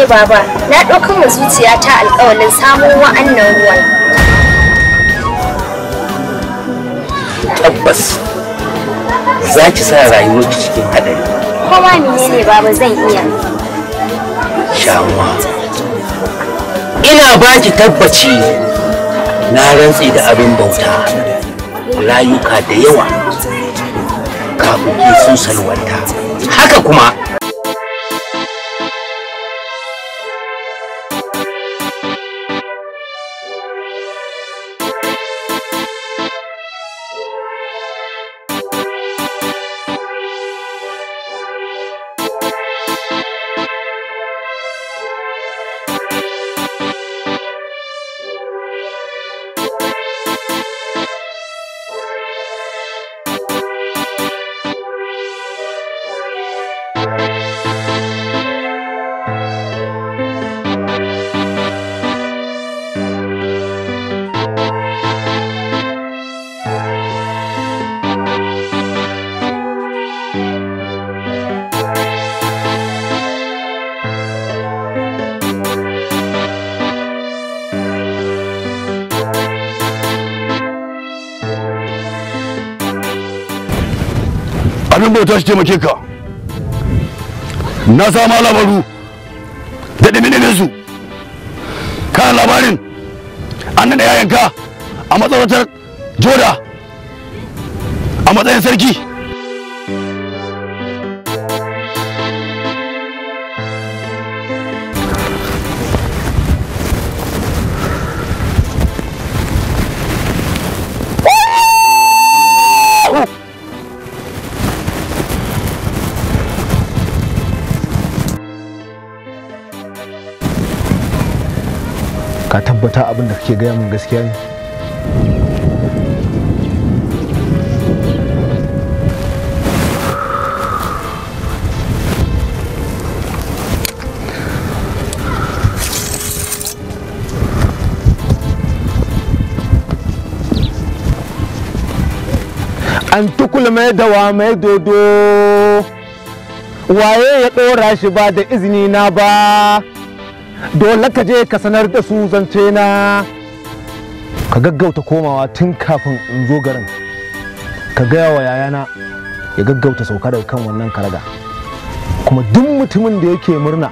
ne baba na ɗaukar zuciya zuciyata alƙawarin samun wa'annan ruwan tabbas za ki sa rayuwar cikin haɗari kowa menene baba zan iya shawuwa ina baki tabbaci na rantsi da abin bauta rayuka da yawa kafin sun salwanta haka kuma abin bauta shi taimake ka na sama labaru da ɗimin su kan labarin an naɗa yayanka a matsawatar joda a matsayin sarki tabbata abin da kake gaya min gaskiya ne an tukula mai wa mai dodo waye ya ɗora shi ba da izini na ba dole ka je ka sanar da su zance na ka gaggauta komawa tun kafin in zo garin ka gaya wa yayana ya gaggauta sauka daga kan wannan karaga kuma duk mutumin da yake murna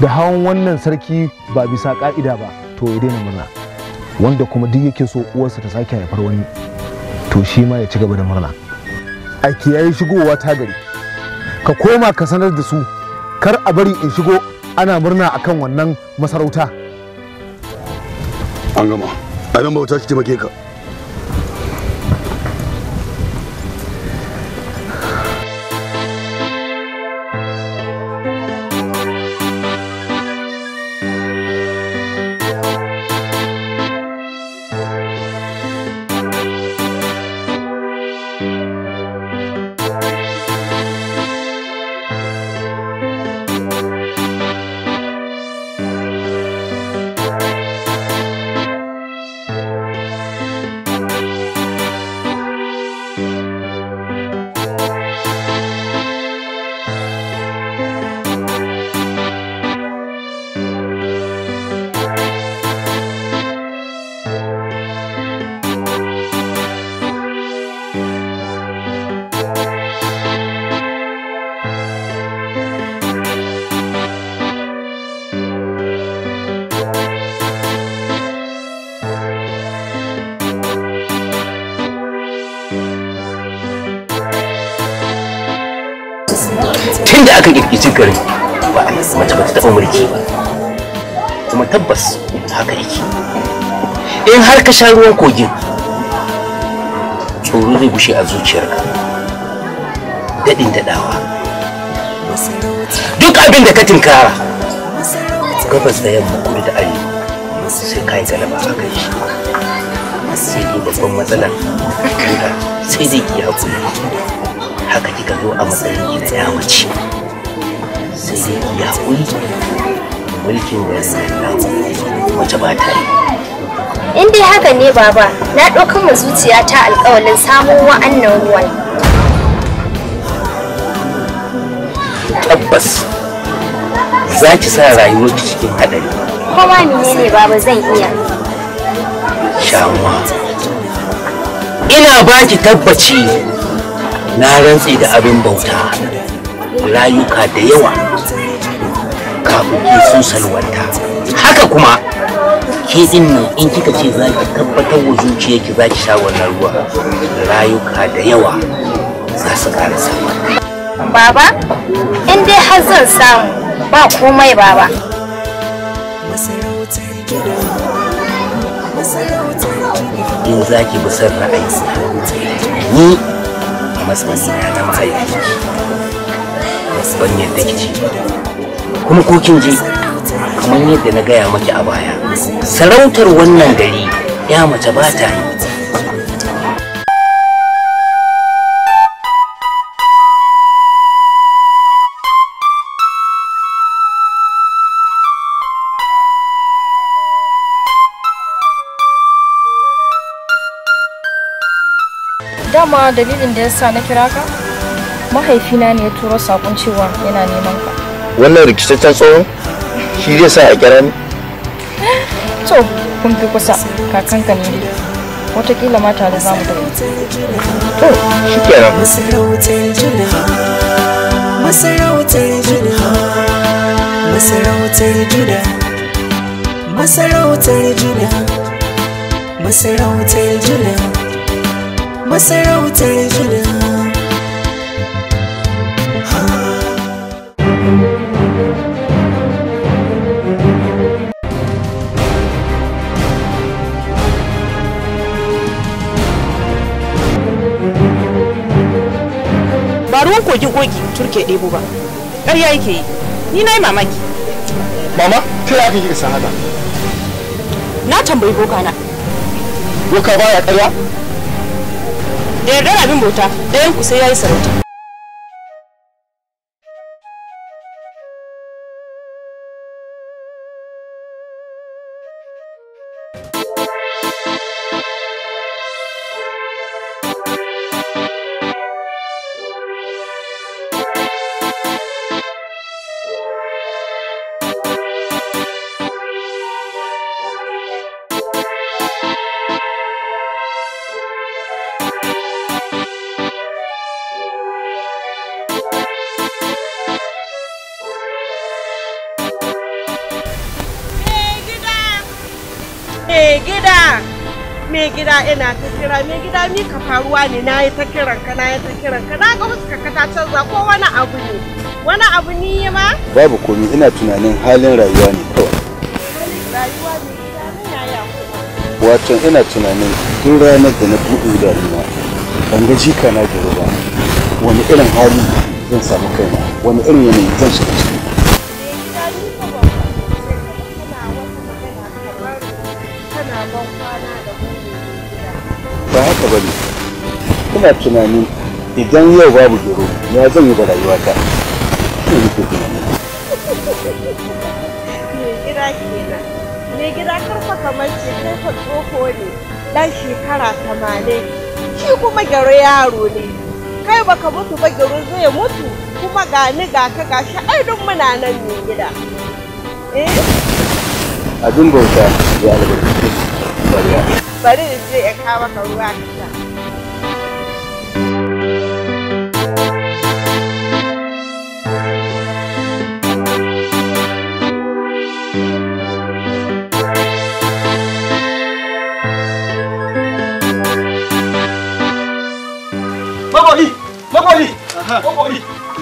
da hawan wannan sarki ba bisa ka'ida ba to ya daina murna wanda kuma duk yake so uwarsa ta sake haifar wani to shi ma ya ci gaba da murna a kiyaye shigowa ta gari ka koma ka sanar da su kar a bari in shigo ana murna akan wannan masarauta an gama nan bauta shi taimake ka garin ba mace ba taɓa ba kuma tabbas haka yake in har ka sha ruwan kogin tsoro zai gushe a zuciyarka daɗin daɗawa duk abin da ka tinkara gabas da yamma kudu da arewa sai ka yi galaba a kai shi sai dai babban matsalar sai dai iya hakuri haka kika zo a matsayin gida ya mace sai da hakuri mulkin gaskiya wace ba ta yi in dai haka ne baba na ɗaukar ma zuciya ta alƙawalin samun wa'annan ruwan tabbas za ki sa rayuwarki cikin haɗari kuma menene baba zan iya shamuwa ina baki tabbaci na rantsi da abin bauta rayuka da yawa kafuki sun salwanta haka kuma ke din nan in kika ce za ki tabbatar wa zuciyarki za ki sha wannan ruwa rayuka da yawa za su ƙara samu baba in dai har zan samu ba komai baba in za ki bi son ra'ayi ni a matsayina na mahaifi ban yadda da kici kuma ko kin ji kamar yadda na gaya maki a baya sarautar wannan gari ya mace ba ta yi dama dalilin da ya sa na kira ka mahaifina ne ya turo sakon cewa yana neman ka wannan rikitaccen tsohon shi zai sa a kira ni to kun fi kusa kakanka ne watakila mata da zamu da to shi kenan masarautar juna masarautar juna masarautar juna masarautar juna masarautar juna gogi turke ɗebo ba ƙarya yake yi ni na yi mamaki mama ta yaka yi san haka na tambayi boka na boka baya ƙarya da yardar abin bauta ɗayan ku sai ya yi sarauta kira ina ta kira me gida mi ka faruwa ne na yi ta kiran ka na yi ta kiran ka na ga wasu ka ta canza ko wani abu ne wani abu ni ma babu komai ina tunanin halin rayuwa ne kawai halin rayuwa ne gida ne yaya wato ina tunanin tun ranar da na buɗe idanuna ban ga jika na gaba ba wani irin hali zan samu kaina wani irin yanayi zan shiga ciki ina tunani idan yau babu doro ya zan yi da rayuwata shi yake tunani gida kenan ne gida karfa kamar ce kai fa tsoho ne dan shekara tamanin shi kuma gyaru yaro ne kai baka mutu ba gyaru zai mutu kuma ga ni ga ka ga shi ai duk muna nan ne gida eh abin bauta ya albarka bari in je in kawo ka ruwa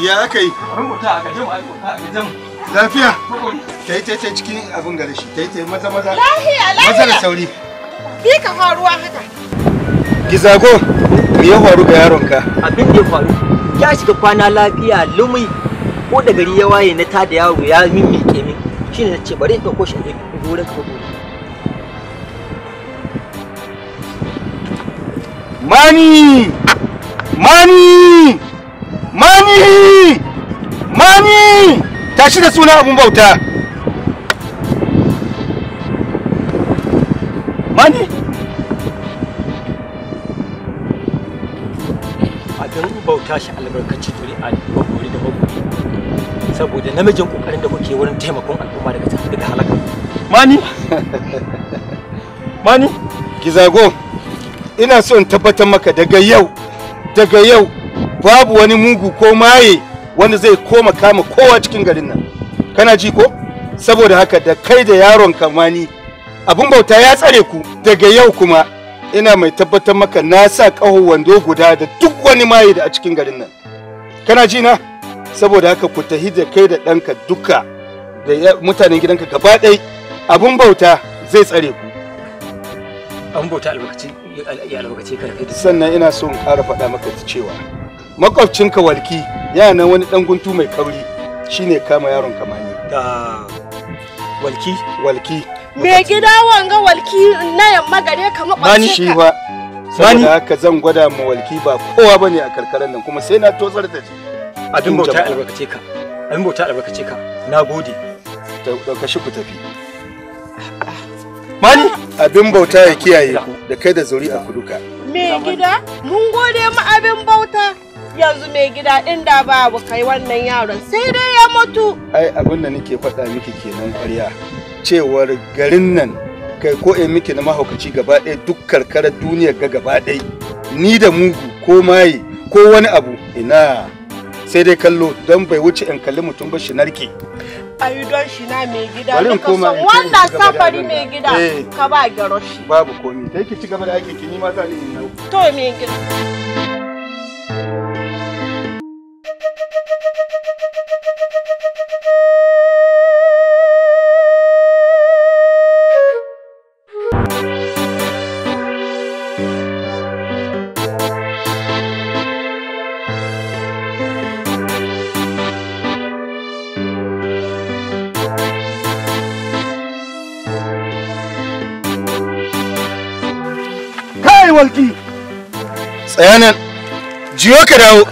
ya aka yi lafiya ta yi ta cikin abin gare shi ta yi ta maza maza maza da sauri bi ka faruwa haka gizago me ya faru ga yaronka abin da ya faru ya shiga kwana lafiya lumi ko da gari ya waye na tada yaro ya mimmike kemi shine na ce bari in ɗauko shi a wurin ka Mani! Mani! mani mani tashi da suna abun bauta mani a garin bauta shi albarkaci turi a gori da bagori saboda namijin kokarin da kuke wurin taimakon al'umma daga daga halaka mani mani gizago ina so in tabbatar maka daga yau daga yau babu wani mugu ko maye wanda zai koma kama kowa cikin garin nan kana ji ko saboda haka da kai da yaron kamani abun bauta ya tsare ku daga yau kuma ina mai tabbatar maka na sa ƙaho wando guda da duk wani maye da a cikin garin nan kana ji na saboda haka ku tahi da kai da ɗanka duka da mutanen gidanka gaba ɗai abun bauta zai tsare ku abun bauta albarkaci ya albarkaci ka sannan ina so in ƙara faɗa maka cewa makwabcinka walki yana nan wani dan guntu mai kauri shine kama yaron kamani da walki walki me gida wanga walki na yamma gare ka makwabcinka shi fa saboda haka zan gwada ma walki ba kowa bane a karkaran nan kuma sai na tosar da shi abin bauta albarkace ka abin bauta albarkace ka nagode dauka shi ku tafi mani abin bauta ya kiyaye ku da kai da zuri'a a kuduka. me gida mun gode ma abin bauta yanzu mai gida inda babu kai wannan yaron sai dai ya mutu ai abin da nake faɗa miki kenan ƙwarya cewar garin nan kai ko in miki na mahaukaci gaba ɗaya duk karkarar duniyar ga gaba ɗaya ni da mugu ko maye ko wani abu ina sai dai kallo don bai wuce in kalli mutum ba shi narke ayu don shi na mai gida bari in koma wannan safari mai gida eh. ka ba shi babu komi sai ki ci gaba da aikin ki ni ma za ni in to mai gida tsaya nan jiyo ka dawo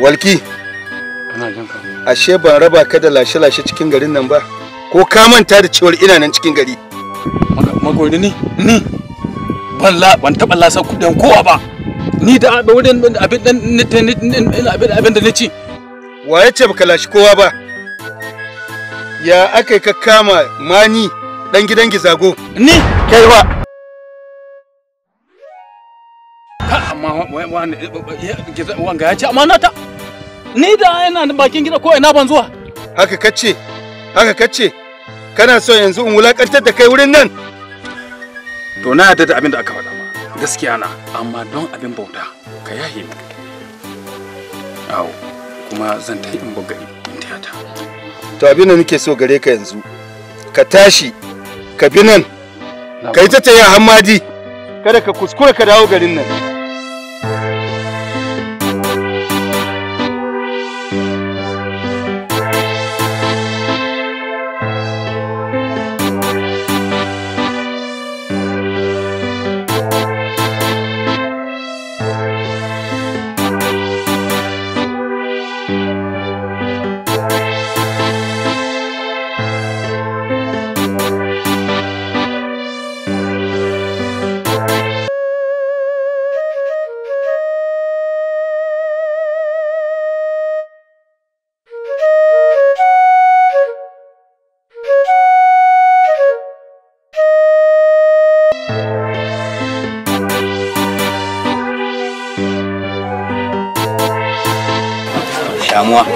walki ashe ban raba ka da lashe-lashe cikin garin nan ba ko ka manta da cewar ina nan cikin gari magoyi ni ni ban la ban taba lasa kudin kowa ba ni da abin da abin da na ci wa ya ce baka lashe kowa ba ya aka ka kama mani dan gidan gizago ni kai ba amma wanga ya ce amana ta ni da ina bakin gida ko ina ban zuwa haka kace haka kace kana so yanzu in wulakantar da kai wurin nan to na yadda da abin da aka faɗa ma gaskiya na amma don abin bauta ka yahe ni. awo kuma zan ta in bugari to abin da nake so gare ka yanzu ka tashi ka bi nan ka yi ta taya hammadi kada ka kuskura ka dawo garin nan damuwa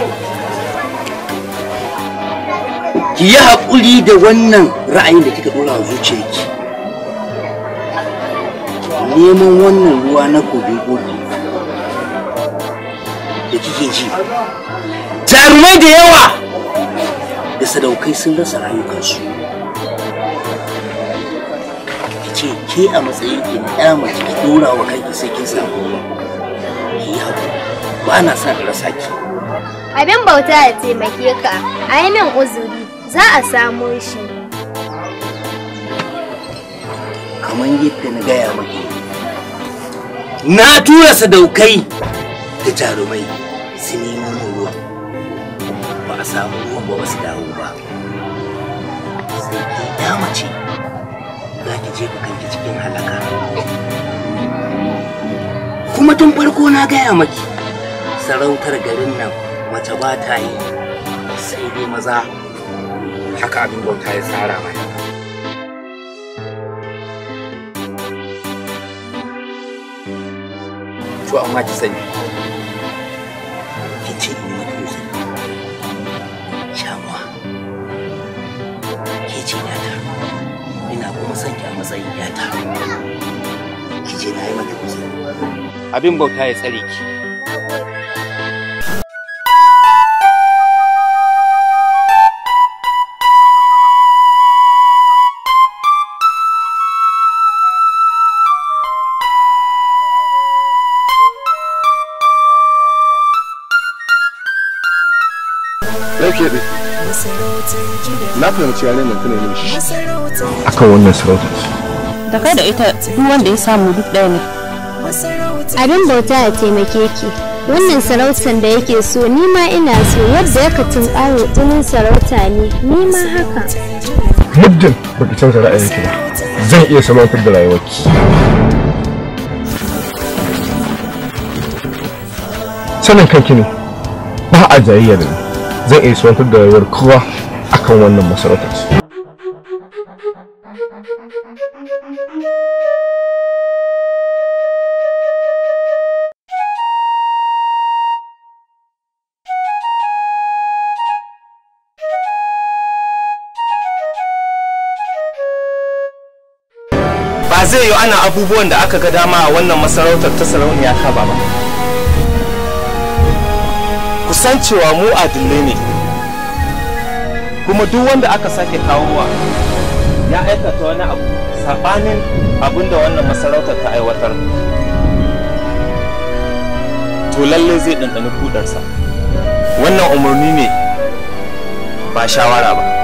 ki yi haƙuri da wannan ra'ayin da kika ɗora zuciyarki neman wannan ruwa na kogin gobe. da kike ji jarumai da yawa da sadaukai sun rasa rayukansu ki ce ke a matsayin ke na mace ki dora wa kanki sai kin samu ki yi haƙuri ba na son rasa ki abin bauta ya taimake ka a min uzuri za a samo shi kamar yadda na gaya maki na tura sadaukai da jarumai su nemo ruwa ba a samu ruwan ba wasu dawo ba sai ta dama za ki je ka kanki cikin halaka kuma tun farko na gaya maki sarautar garin nan mace ba ta yi sai dai maza haka abin bauta ya tsara mai to amma ki sani ki ce ni mata yusa shamuwa ki ce yata ina kuma son ki a matsayin yata ki ce na yi mata yusa abin bauta ya tsare ki sarki ɗin na fahimci yare nan tana yin shi akan wannan sarauta. da kai da ita duk wanda ya samu duk ɗaya ne abin bauta ya taimake ki wannan sarautar da yake so ni ma ina so yadda ya katin ƙaro jinin sarauta ne ni ma haka muddin baki canza ra'ayinki ba zan iya samantar da rayuwarki sanin kanki ne ba a jayayya da ni zan iya suwantar da rayuwar kowa akan wannan masarautar ba zai yi ana abubuwan da aka ga dama a wannan masarautar ta sarauniya ka ba ba san cewa mu adilai ne kuma duk wanda aka sake kawowa ya aikata wani abu saɓanin abin da wannan masarautar ta aiwatar to lalle zai ɗanɗani kudarsa wannan umarni ne ba shawara ba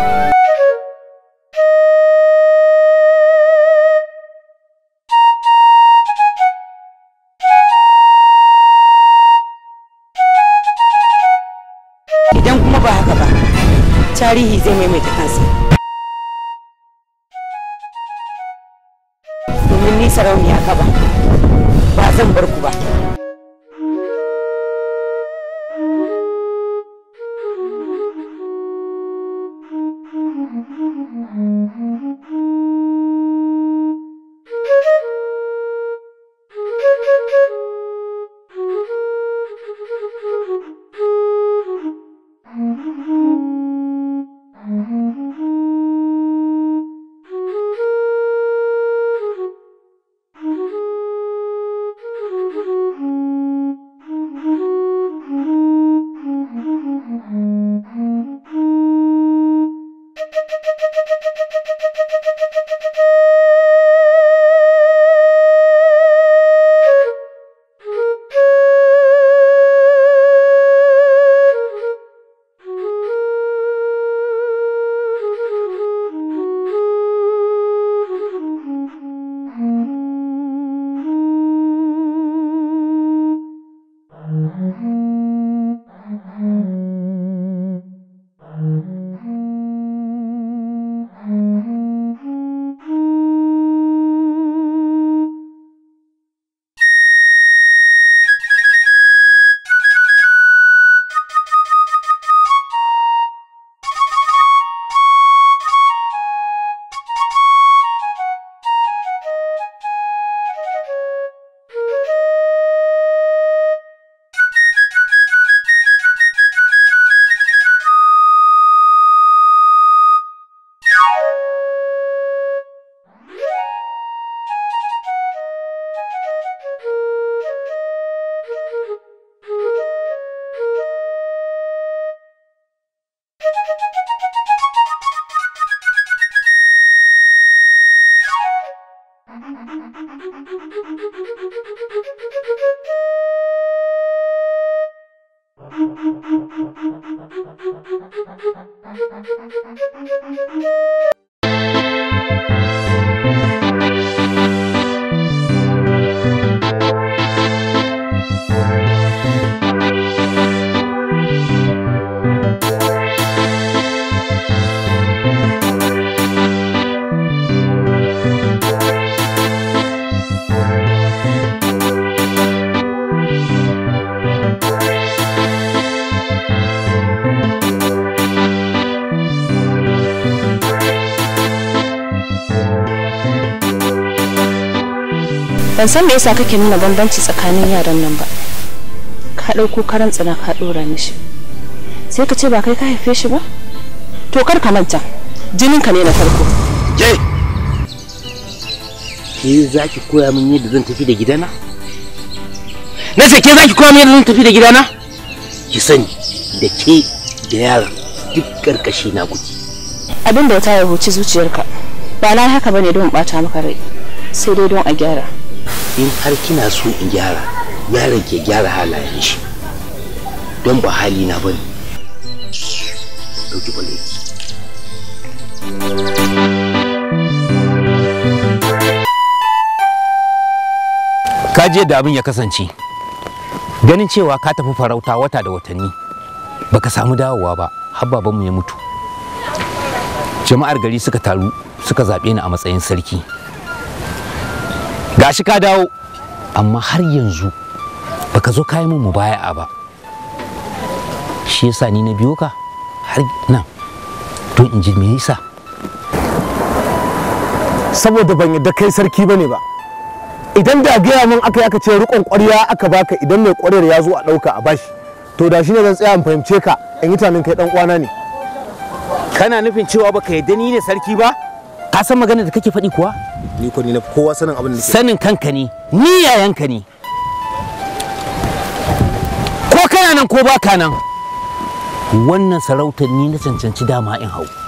tarihi zai maimaita kansa domin ni sarauniya ka ba ba zan bar ku ba ban san me yasa kake nuna bambanci tsakanin yaran nan ba ka ɗauko karan tsana ka ɗora mishi sai ka ce ba kai ka haife shi ba to kar ka manta jinin ka ne na farko je ke za ki koya min yadda zan tafi da gidana na ce ke za ki koya min yadda zan tafi da gidana ki sani da ke da yaran duk karkashi na guji abin da ta yi huci zuciyarka ba na haka bane don bata maka rai sai dai don a gyara in har kina so in gyara yaron ke gyara halayen shi don ba hali na bane dauki je da abin ya kasance ganin cewa ka tafi farauta wata da watanni baka samu dawowa ba har babanmu ya mutu jama'ar gari suka taru suka zaɓe ni a matsayin sarki gashi ka dawo amma har yanzu baka zo kayi min mubaya'a ba shi yasa ni na biyo ka har nan don in ji me yasa saboda ban yadda kai sarki bane ba idan da gaya min aka yi aka ce rikon ƙwarya aka baka idan mai ƙwaryar ya zo a ɗauka a bashi to da shi ne zan tsaya in fahimce ka in yi tanin kai ɗan kwana ne kana nufin cewa baka yadda ni ne sarki ba ka san magana da kake faɗi kuwa ni ko ni na kowa sanin abin da nake sanin kanka ne ni yayanka ne ko kana nan ko baka nan wannan sarautar ni na cancanci dama in hau